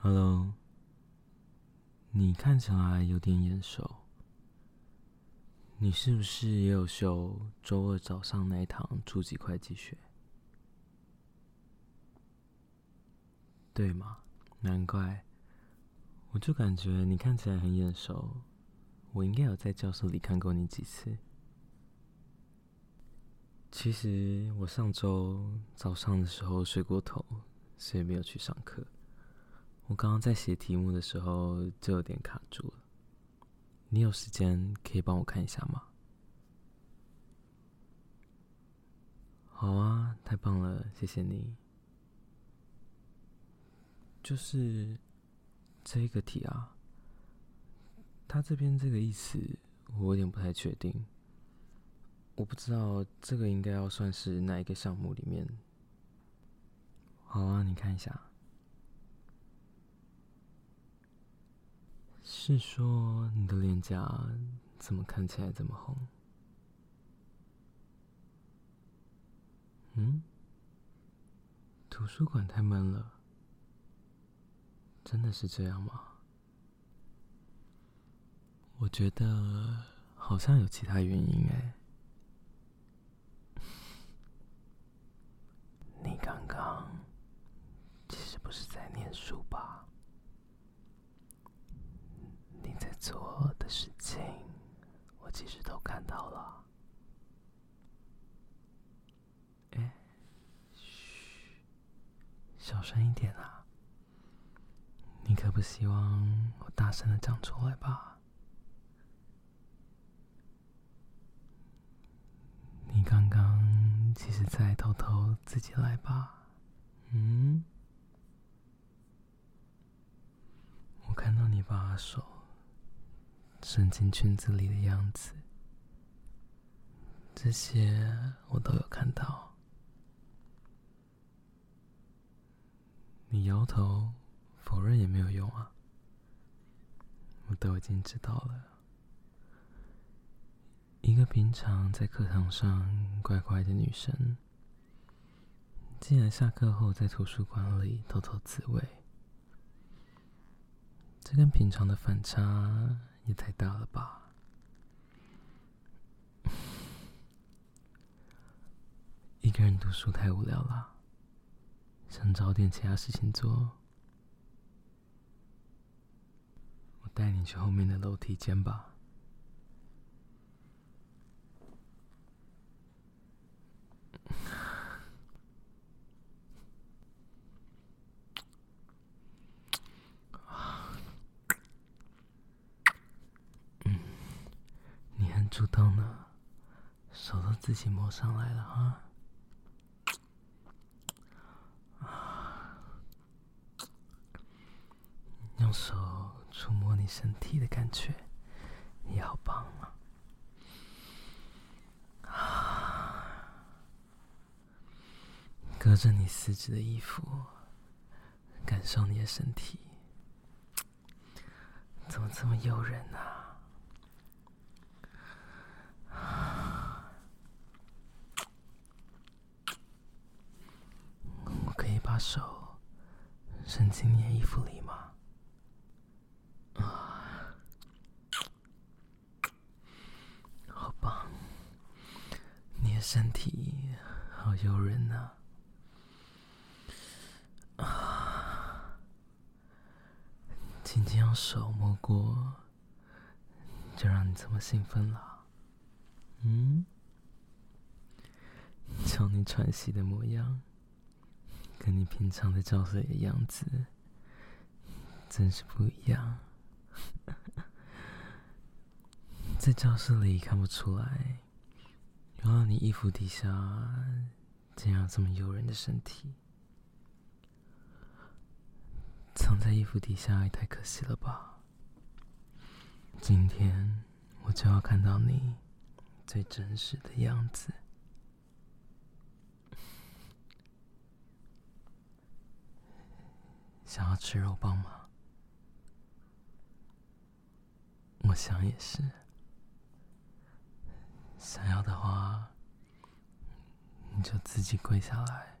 Hello，你看起來有點眼熟，你是不是也有修週二早上那一堂初級會計學？對嗎？難怪，我就感覺你看起來很眼熟。我應該有在教室裡看過你幾次。其實我上周早上的時候睡過頭，所以沒有去上課。我剛剛在寫題目的時候就有點卡住了，你有時間可以幫我看一下嗎？好啊，太棒了，謝謝你。就是這個題啊，他這邊這個意思我有點不太確定，我不知道這個應該要算是哪一個項目裡面。好啊，你看一下。是說你的臉頰怎麼看起來這麼紅？嗯？圖書館太悶了，真的是這樣嗎？我覺得好像有其他原因哎、欸。 你剛剛。小聲一點啊！你可不希望我大聲的講出來吧？你剛剛其實在偷偷自己來吧？嗯？我看到你把手伸進裙子裡的樣子，這些我都有看到。搖頭否認也沒有用啊，我都已經知道了。一個平常在課堂上乖乖的女生，竟然下課後在圖書館裡偷偷自慰，這跟平常的反差也太大了吧？ 一個人讀書太無聊了。想找點其他事情做，我帶你去後面的樓梯間吧。嗯，你很主動呢，手都自己摸上來了啊。哈用手觸摸你身體的感覺，你好棒啊，啊，隔着你絲質的衣服，感受你的身體，怎麼這麼誘人呢？啊，啊，我可以把手伸進你的衣服裡嗎？身體好誘人吶、啊！啊，輕輕用手摸過，就讓你這麼興奮了？嗯？瞧你喘息的模樣，跟你平常在教室裡的樣子真是不一樣。 在教室裡看不出來。原來你衣服底下竟然有這麼誘人的身體，藏在衣服底下也太可惜了吧！今天我就要看到你最真實的樣子。想要吃肉棒嗎？我想也是。想要的話，你就自己跪下來，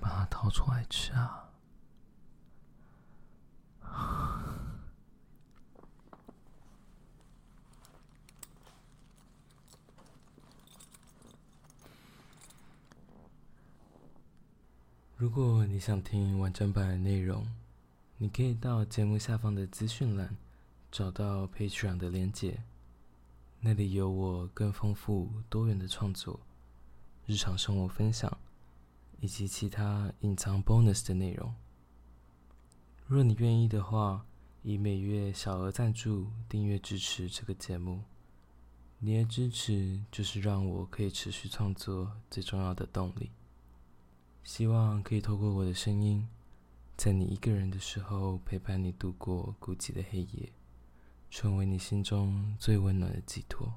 把它掏出來吃啊！ 如果你想聽完整版的內容，你可以到節目下方的資訊欄，找到 Patreon 的鏈接。那裡有我更豐富多元的創作、日常生活分享以及其他隱藏 bonus 的內容。若你願意的話，以每月小額贊助訂閱支持這個節目，你的支持就是讓我可以持續創作最重要的動力。希望可以透過我的聲音，在你一個人的時候陪伴你度過孤寂的黑夜。成為你心中最溫暖的寄托。